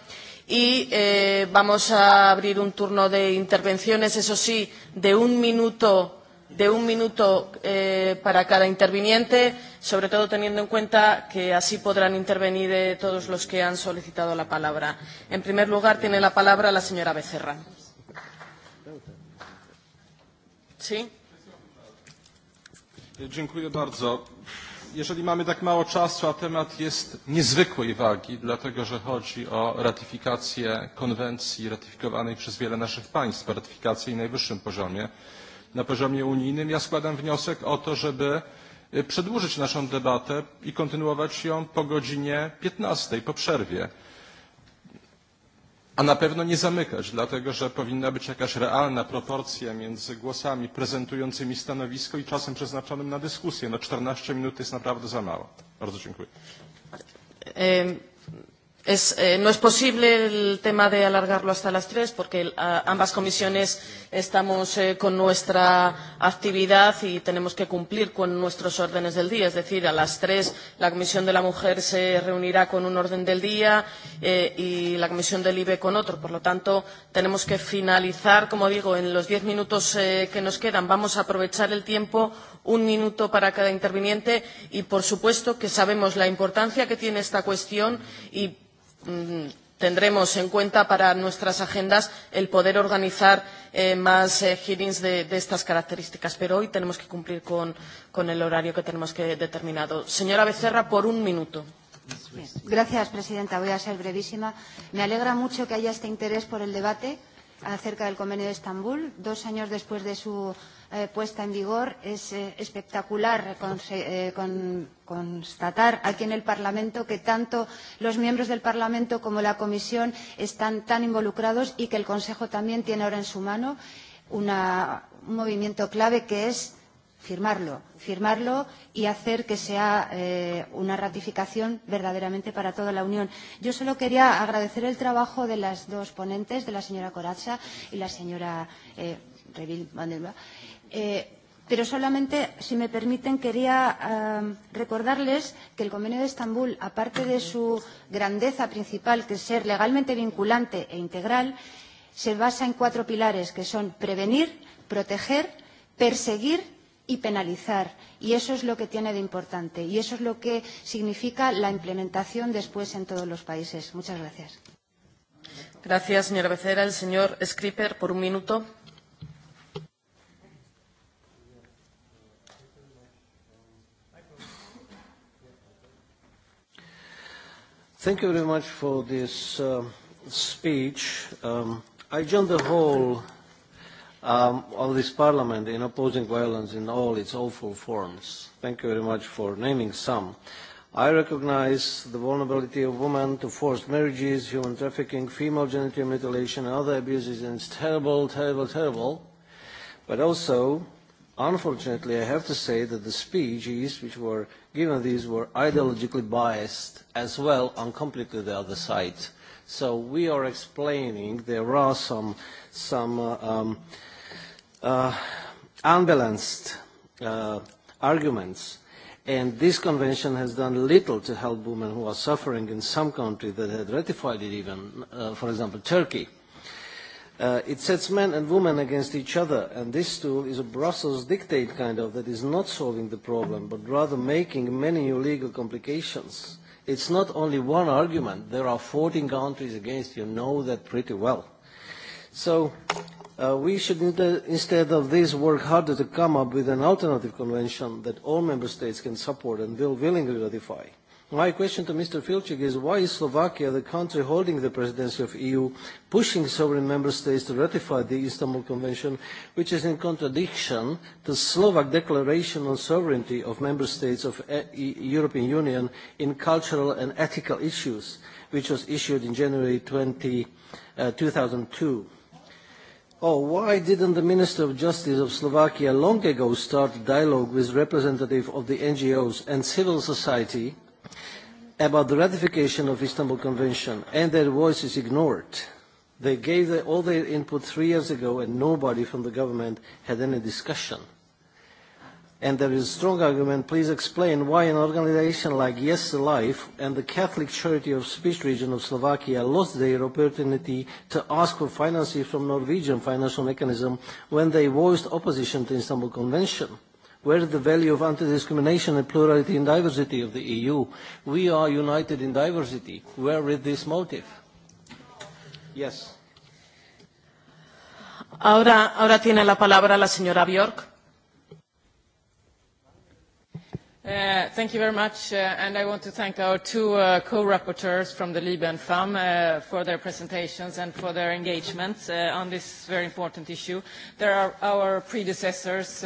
y eh, vamos a abrir un turno de intervenciones, eso sí, de un minuto de un minuto eh, para cada interviniente, sobre todo teniendo en cuenta que así podrán intervenir todos los que han solicitado la palabra. En primer lugar, tiene la palabra la señora Becerra. Dziękuję bardzo. Jeżeli mamy tak mało czasu, a temat jest niezwykłej wagi, dlatego że chodzi o ratyfikację konwencji ratyfikowanej przez wiele naszych państw, ratyfikacji na najwyższym poziomie, na poziomie unijnym, ja składam wniosek o to, żeby przedłużyć naszą debatę i kontynuować ją po godzinie 15, po przerwie a na pewno nie zamykać, dlatego że powinna być jakaś realna proporcja między głosami prezentującymi stanowisko i czasem przeznaczonym na dyskusję. No 14 minut jest naprawdę za mało. Bardzo dziękuję. Es, no es posible el tema de alargarlo hasta las tres porque ambas comisiones estamos con nuestra actividad y tenemos que cumplir con nuestros órdenes del día. Es decir, a las tres la Comisión de la Mujer se reunirá con un orden del día eh, y la Comisión del IBE con otro. Por lo tanto, tenemos que finalizar, como digo, en los diez minutos que nos quedan. Vamos a aprovechar el tiempo un minuto para cada interviniente y, por supuesto, que sabemos la importancia que tiene esta cuestión y tendremos en cuenta para nuestras agendas el poder organizar más hearings de estas características. Pero hoy tenemos que cumplir con el horario que tenemos determinado. Señora Becerra, por un minuto. Gracias, presidenta. Voy a ser brevísima. Me alegra mucho que haya este interés por el debate acerca del convenio de Estambul. Dos años después de su puesta en vigor es espectacular constatar aquí en el Parlamento que tanto los miembros del Parlamento como la Comisión están tan involucrados y que el Consejo también tiene ahora en su mano un movimiento clave que es firmarlo, firmarlo y hacer que sea una ratificación verdaderamente para toda la Unión. Yo solo quería agradecer el trabajo de las dos ponentes, de la señora Corazza y la señora Revil Vandelba. Eh, pero solamente, si me permiten, quería recordarles que el Convenio de Estambul, aparte de su grandeza principal, que es ser legalmente vinculante e integral, se basa en cuatro pilares, que son prevenir, proteger, perseguir y penalizar. Y eso es lo que tiene de importante. Y eso es lo que significa la implementación después en todos los países. Muchas gracias. Gracias, señora Becerra. El señor Scriper, por un minuto. Thank you very much for this speech. I joined the whole um of this Parliament in opposing violence in all its awful forms. Thank you very much for naming some. I recognise the vulnerability of women to forced marriages, human trafficking, female genital mutilation and other abuses and it's terrible, terrible, terrible. But also Unfortunately, I have to say that the speeches which were given these were ideologically biased as well on completely the other side. So we are explaining there are some some unbalanced arguments, and this convention has done little to help women who are suffering in some country that had ratified it even, for example Turkey. It sets men and women against each other, and this tool is a Brussels dictate kind of that is not solving the problem, but rather making many new legal complications. It's not only one argument. There are 14 countries against. You know that pretty well. So we should, instead of this, work harder to come up with an alternative convention that all member states can support and will willingly ratify. My question to Mr. Filcik is why is Slovakia, the country holding the presidency of EU, pushing sovereign member states to ratify the Istanbul Convention, which is in contradiction to the Slovak declaration on sovereignty of member states of European Union in cultural and ethical issues, which was issued in January 2002. Oh, why didn't the Minister of Justice of Slovakia long ago start dialogue with representatives of the NGOs and civil society about the ratification of Istanbul Convention, and their voice is ignored. They gave all their input three years ago, and nobody from the government had any discussion. And there is a strong argument. Please explain why an organization like Yes Life and the Catholic Charity of Speech Region of Slovakia lost their opportunity to ask for financing from Norwegian financial mechanism when they voiced opposition to Istanbul Convention where is the value of anti-discrimination and plurality and diversity of the EU. We are united in diversity. Where is this motive? Yes. Ahora, ahora tiene la palabra la señora Bjork. Thank you very much, and I want to thank our two co-rapporteurs from the Libe and FAM for their presentations and for their engagement on this very important issue. There are our predecessors,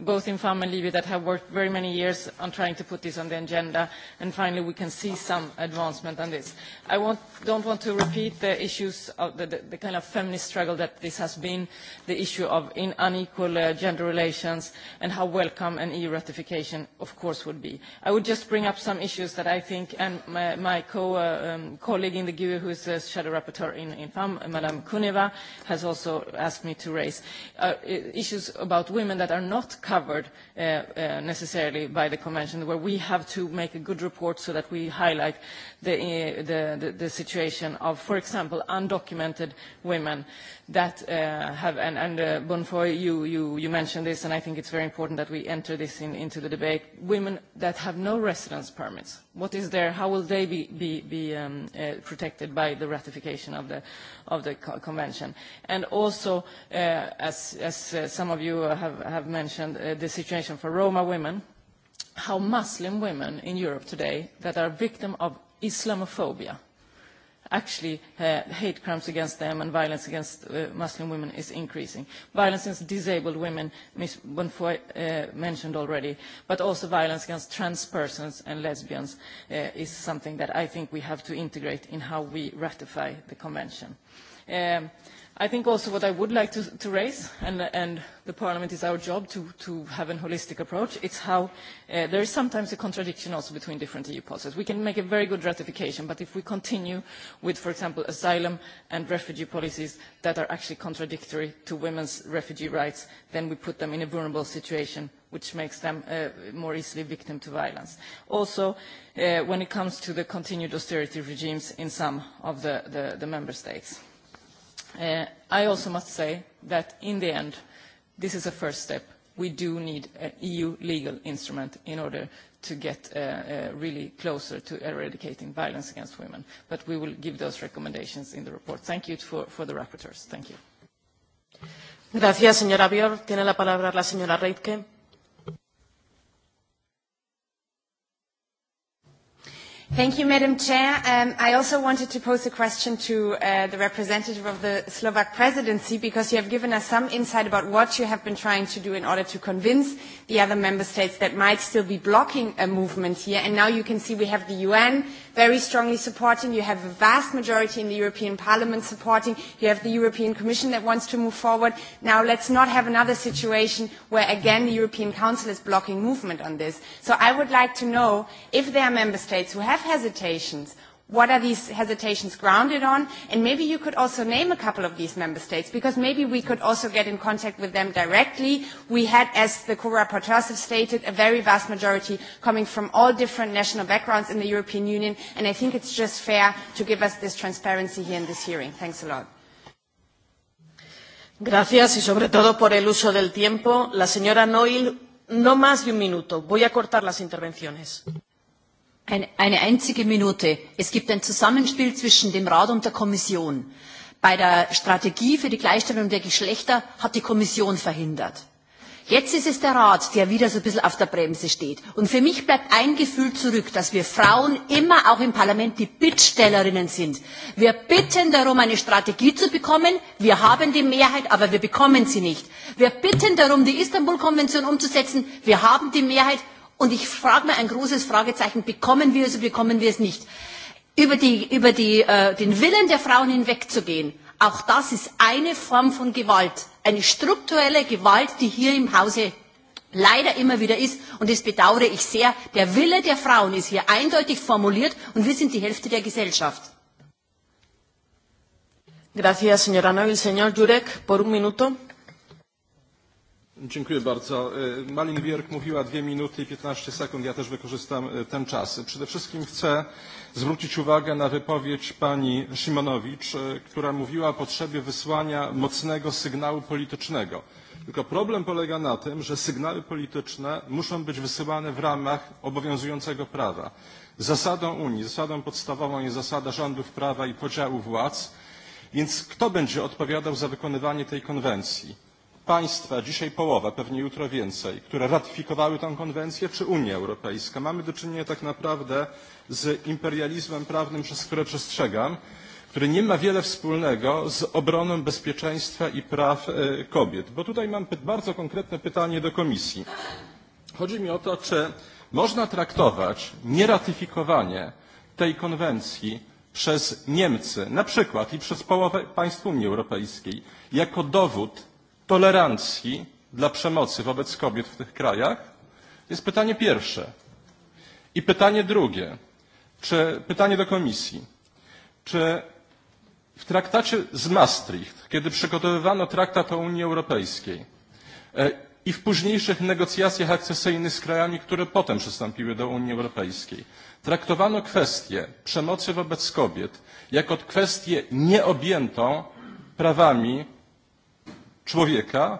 both in FAM and Libe, that have worked very many years on trying to put this on the agenda, and finally we can see some advancement on this. I don't want to repeat the issues of the kind of feminist struggle that this has been, the issue of unequal gender relations, and how welcome an EU ratification, of course, would be. I would just bring up some issues that I think, and my colleague in the GUE, who is the shadow rapporteur in FAM, Madame Kuneva, has also asked me to raise, issues about women that are not covered necessarily by the Convention, where we have to make a good report so that we highlight the situation of, for example, undocumented women that have, and Bonfoy, you mentioned this, and I think it's very important that we enter this into the debate women that have no residence permits. What is there? How will they be protected by the ratification of the convention? And also, as some of you have mentioned, the situation for Roma women, how Muslim women in Europe today that are victim of Islamophobia actually hate crimes against them and violence against Muslim women is increasing. Violence against disabled women, Ms. Bonfoy mentioned already, but also violence against trans persons and lesbians is something that I think we have to integrate in how we ratify the Convention. I think also what I would like to raise, and the Parliament is our job to have a holistic approach, it's how there is sometimes a contradiction also between different EU policies. We can make a very good ratification, but if we continue with, for example, asylum and refugee policies that are actually contradictory to women's refugee rights, then we put them in a vulnerable situation, which makes them more easily victim to violence. Also, when it comes to the continued austerity regimes in some of the member states. I also must say that in the end, this is a first step. We do need an EU legal instrument in order to get really closer to eradicating violence against women. But we will give those recommendations in the report. Thank you for the rapporteurs. Thank you. Gracias, señora Tiene la palabra la señora Reitke. Thank you, Madam Chair. I also wanted to pose a question to the representative of the Slovak presidency because you have given us some insight about what you have been trying to do in order to convince the other member states that might still be blocking a movement here. And now you can see we have the UN very strongly supporting, you have a vast majority in the European Parliament supporting, you have the European Commission that wants to move forward. Now let's not have another situation where again the European Council is blocking movement on this. So I would like to know if there are member states who have hesitations What are these hesitations grounded on? And maybe you could also name a couple of these member states, because maybe we could also get in contact with them directly. We had, as the co-rapporteurs have stated, a very vast majority coming from all different national backgrounds in the European Union, and I think it's just fair to give us this transparency here in this hearing. Thanks a lot. Gracias y sobre todo por el uso del tiempo. La señora Noil, no más de un minuto. Voy a cortar las intervenciones eine einzige Minute. Es gibt ein Zusammenspiel zwischen dem Rat und der Kommission. Bei der Strategie für die Gleichstellung der Geschlechter hat die Kommission verhindert. Jetzt ist es der Rat, der wieder so ein bisschen auf der Bremse steht. Und für mich bleibt ein Gefühl zurück, dass wir Frauen immer auch im Parlament die Bittstellerinnen sind. Wir bitten darum, eine Strategie zu bekommen. Wir haben die Mehrheit, aber wir bekommen sie nicht. Wir bitten darum, die Istanbul-Konvention umzusetzen. Wir haben die Mehrheit, Und ich frage mir ein großes Fragezeichen, bekommen wir es oder bekommen wir es nicht? Über den Willen der Frauen hinwegzugehen, auch das ist eine Form von Gewalt. Eine strukturelle Gewalt, die hier im Hause leider immer wieder ist. Und das bedauere ich sehr. Der Wille der Frauen ist hier eindeutig formuliert und wir sind die Hälfte der Gesellschaft. Gracias, señora Noel. Señor Jurek, por un minuto. Dziękuję bardzo. Malin Wierk mówiła 2 minuty i 15 sekund. Ja też wykorzystam ten czas. Przede wszystkim chcę zwrócić uwagę na wypowiedź pani Szymonowicz, która mówiła o potrzebie wysłania mocnego sygnału politycznego. Tylko problem polega na tym, że sygnały polityczne muszą być wysyłane w ramach obowiązującego prawa. Zasadą Unii, zasadą podstawową jest zasada rządów prawa i podziału władz, więc kto będzie odpowiadał za wykonywanie tej konwencji? państwa, dzisiaj połowa, pewnie jutro więcej, które ratyfikowały tę konwencję, czy Unia Europejska. Mamy do czynienia tak naprawdę z imperializmem prawnym, przez które przestrzegam, który nie ma wiele wspólnego z obroną bezpieczeństwa i praw kobiet. Bo tutaj mam bardzo konkretne pytanie do Komisji. Chodzi mi o to, czy można traktować nieratyfikowanie tej konwencji przez Niemcy, na przykład i przez połowę państw Unii Europejskiej, jako dowód tolerancji dla przemocy wobec kobiet w tych krajach jest pytanie pierwsze. I pytanie drugie, czy pytanie do komisji. Czy w traktacie z Maastricht, kiedy przygotowywano traktat o Unii Europejskiej i w późniejszych negocjacjach akcesyjnych z krajami, które potem przystąpiły do Unii Europejskiej, traktowano kwestię przemocy wobec kobiet jako kwestię nieobjętą prawami człowieka,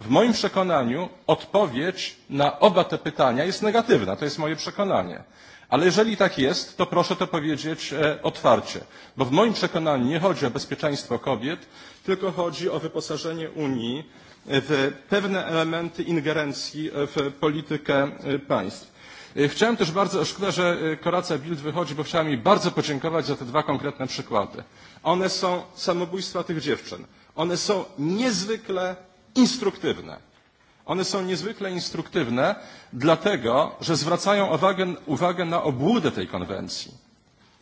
w moim przekonaniu odpowiedź na oba te pytania jest negatywna. To jest moje przekonanie. Ale jeżeli tak jest, to proszę to powiedzieć otwarcie. Bo w moim przekonaniu nie chodzi o bezpieczeństwo kobiet, tylko chodzi o wyposażenie Unii w pewne elementy ingerencji w politykę państw. Chciałem też bardzo, szkoda, że Koraca Bild wychodzi, bo chciałem jej bardzo podziękować za te dwa konkretne przykłady. One są samobójstwa tych dziewczyn. One są niezwykle instruktywne. One są niezwykle instruktywne, dlatego że zwracają uwagę, uwagę na obłudę tej konwencji.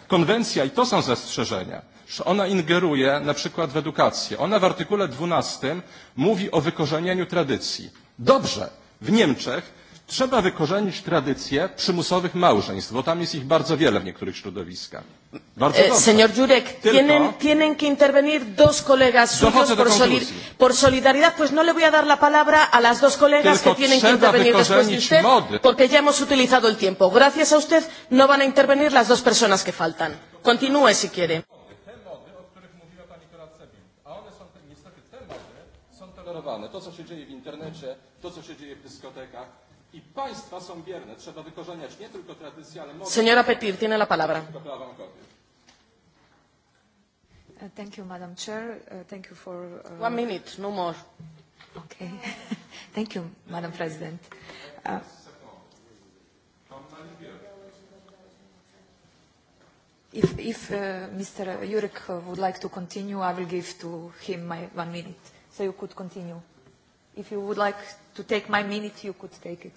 Konwencja, i to są zastrzeżenia, że ona ingeruje na przykład w edukację. Ona w artykule 12 mówi o wykorzenieniu tradycji. Dobrze, w Niemczech Trzeba wykorzenić tradycję przymusowych małżeństw, bo tam jest ich bardzo wiele w niektórych środowiskach. Bardzo dobrze. Señor Jurek, tienen, tienen que intervenir dos colegas suyos por, soli por solidaridad, pues no le voy a dar la palabra a las dos colegas que tienen que intervenir después de usted, porque ya hemos utilizado el tiempo. Gracias a usted no van a intervenir las dos personas que faltan. Continúe si quiere. To, co się dzieje w internecie, to, co się dzieje w dyskotekach, Señora Petir, tiene la palabra. Thank you, Madam Chair. Thank you for... One minute, no more. Okay. Thank you, Madam President. If, if Mr. Jurek would like to continue, I will give to him my one minute. So you could continue. If you would like to take my minute, you could take it.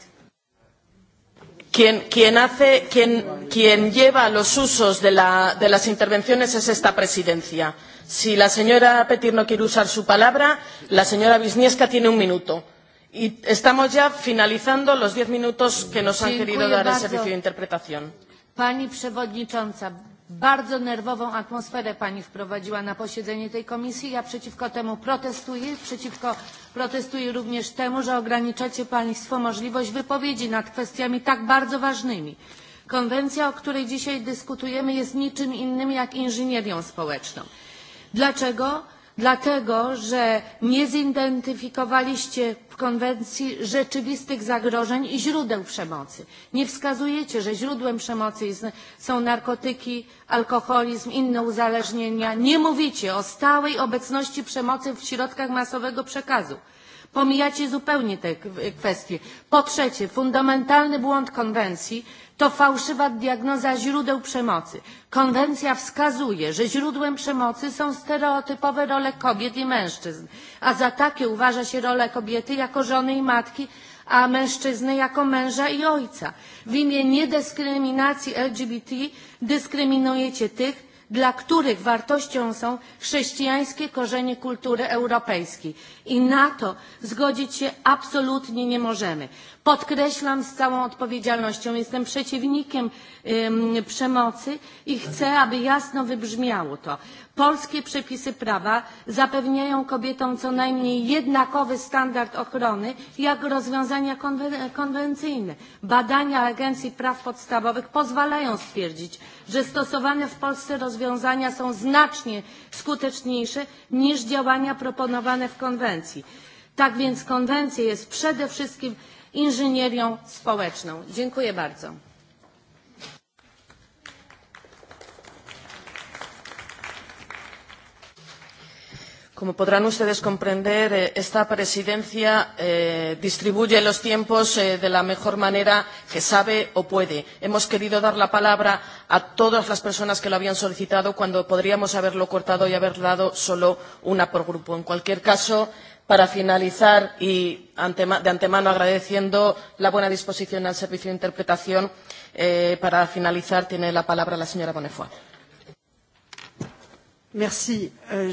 Quien, quien, hace, quien, quien lleva los usos de, la, de las intervenciones es esta presidencia. Si la señora Petir no quiere usar su palabra, la señora Wisniewska tiene un minuto. Y estamos ya finalizando los diez minutos que nos han querido dar el servicio de interpretación. Pani Przewodnicząca, Bardzo nerwową atmosferę Pani wprowadziła na posiedzenie tej komisji. Ja przeciwko temu protestuję. Przeciwko protestuję również temu, że ograniczacie Państwo możliwość wypowiedzi nad kwestiami tak bardzo ważnymi. Konwencja, o której dzisiaj dyskutujemy, jest niczym innym jak inżynierią społeczną. Dlaczego? dlatego że nie zidentyfikowaliście w konwencji rzeczywistych zagrożeń i źródeł przemocy. Nie wskazujecie, że źródłem przemocy są narkotyki, alkoholizm, inne uzależnienia. Nie mówicie o stałej obecności przemocy w środkach masowego przekazu. Pomijacie zupełnie te kwestie. Po trzecie, fundamentalny błąd konwencji to fałszywa diagnoza źródeł przemocy. Konwencja wskazuje, że źródłem przemocy są stereotypowe role kobiet i mężczyzn, a za takie uważa się rolę kobiety jako żony i matki, a mężczyzny jako męża i ojca. W imię niedyskryminacji LGBT dyskryminujecie tych, dla których wartością są chrześcijańskie korzenie kultury europejskiej. I na to zgodzić się absolutnie nie możemy. Podkreślam z całą odpowiedzialnością, jestem przeciwnikiem przemocy i chcę, aby jasno wybrzmiało to. Polskie przepisy prawa zapewniają kobietom co najmniej jednakowy standard ochrony jak rozwiązania konwencyjne. Badania Agencji Praw Podstawowych pozwalają stwierdzić, że stosowane w Polsce rozwiązania są znacznie skuteczniejsze niż działania proponowane w konwencji. Tak więc konwencja jest przede wszystkim inżynierią społeczną. Dziękuję bardzo. Como podrán ustedes comprender, esta presidencia distribuye los tiempos de la mejor manera que sabe o puede. Hemos querido dar la palabra a todas las personas que lo habían solicitado cuando podríamos haberlo cortado y haber dado solo una por grupo. En cualquier caso, Para finalizar, y de antemano agradeciendo la buena disposición al servicio de interpretación, para finalizar tiene la palabra la señora Bonnefoy. Merci.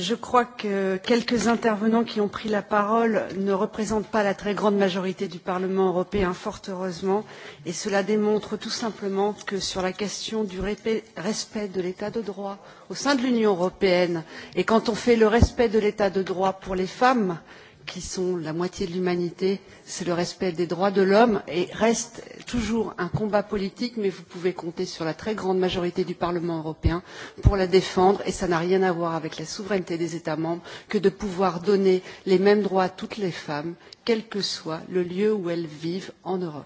Je crois que quelques intervenants qui ont pris la parole ne représentent pas la très grande majorité du Parlement européen, fort heureusement, et cela démontre tout simplement que sur la question du respect de l'état de droit au sein de l'Union européenne, et quand on fait le respect de l'état de droit pour les femmes, qui sont la moitié de l'humanité, c'est le respect des droits de l'homme et reste toujours un combat politique, mais vous pouvez compter sur la très grande majorité du Parlement européen pour la défendre et ça n'a rien à voir avec la souveraineté des États membres que de pouvoir donner les mêmes droits à toutes les femmes, quel que soit le lieu où elles vivent en Europe.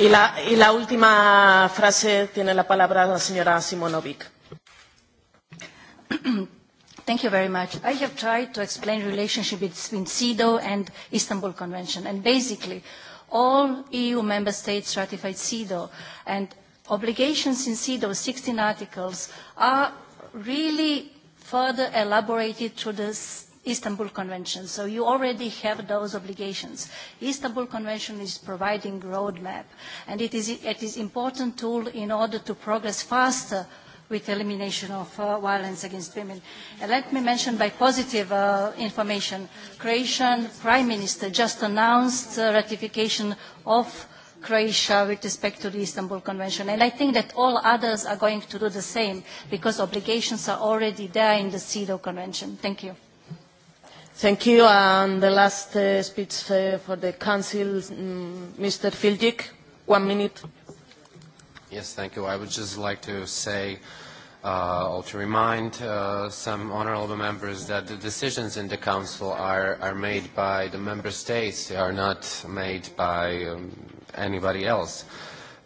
la última frase tiene la palabra la señora Simonovic. Thank you very much. I have tried to explain the relationship between CEDAW and Istanbul Convention. And basically, all EU member states ratified CEDAW. And obligations in CEDAW, 16 articles, are really further elaborated through the Istanbul Convention. So you already have those obligations. Istanbul Convention is providing roadmap. And it is an important tool in order to progress faster with elimination of violence against women. Let me mention by positive information, Croatian Prime Minister just announced ratification of Croatia with respect to the Istanbul Convention. And I think that all others are going to do the same because obligations are already there in the CEDAW Convention. Thank you. Thank you. And the last speech for the Council, Mr. Filjic, one minute. Yes, thank you. I would just like to say or to remind some honorable members that the decisions in the Council are, are made by the member states. They are not made by anybody else.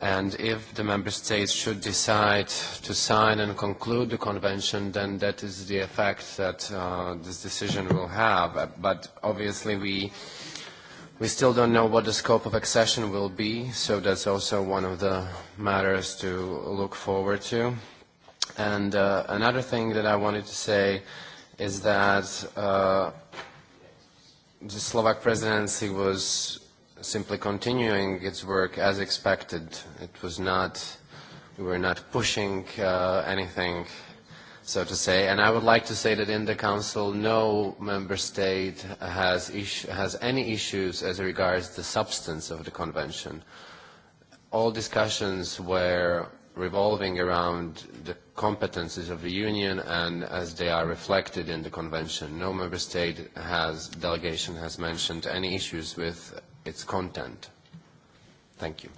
And if the member states should decide to sign and conclude the convention, then that is the effect that this decision will have. But obviously we We still don't know what the scope of accession will be, so that's also one of the matters to look forward to. And another thing that I wanted to say is that the Slovak presidency was simply continuing its work as expected. It was not, we were not pushing anything so to say. And I would like to say that in the Council, no member state has, has any issues as regards the substance of the Convention. All discussions were revolving around the competences of the Union and as they are reflected in the Convention. No member state has, delegation has mentioned any issues with its content. Thank you.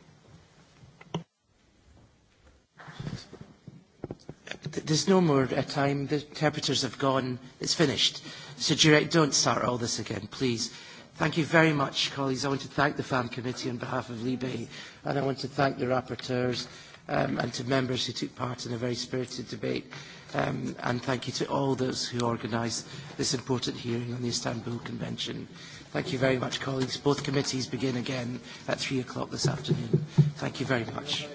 There's no more time. The interpreters have gone. It's finished. So don't start all this again, please. Thank you very much, colleagues. I want to thank the FAM Committee on behalf of Libe, and I want to thank the rapporteurs and to members who took part in a very spirited debate. And thank you to all those who organised this important hearing on the Istanbul Convention. Thank you very much, colleagues. Both committees begin again at 3 o'clock this afternoon. Thank you very much.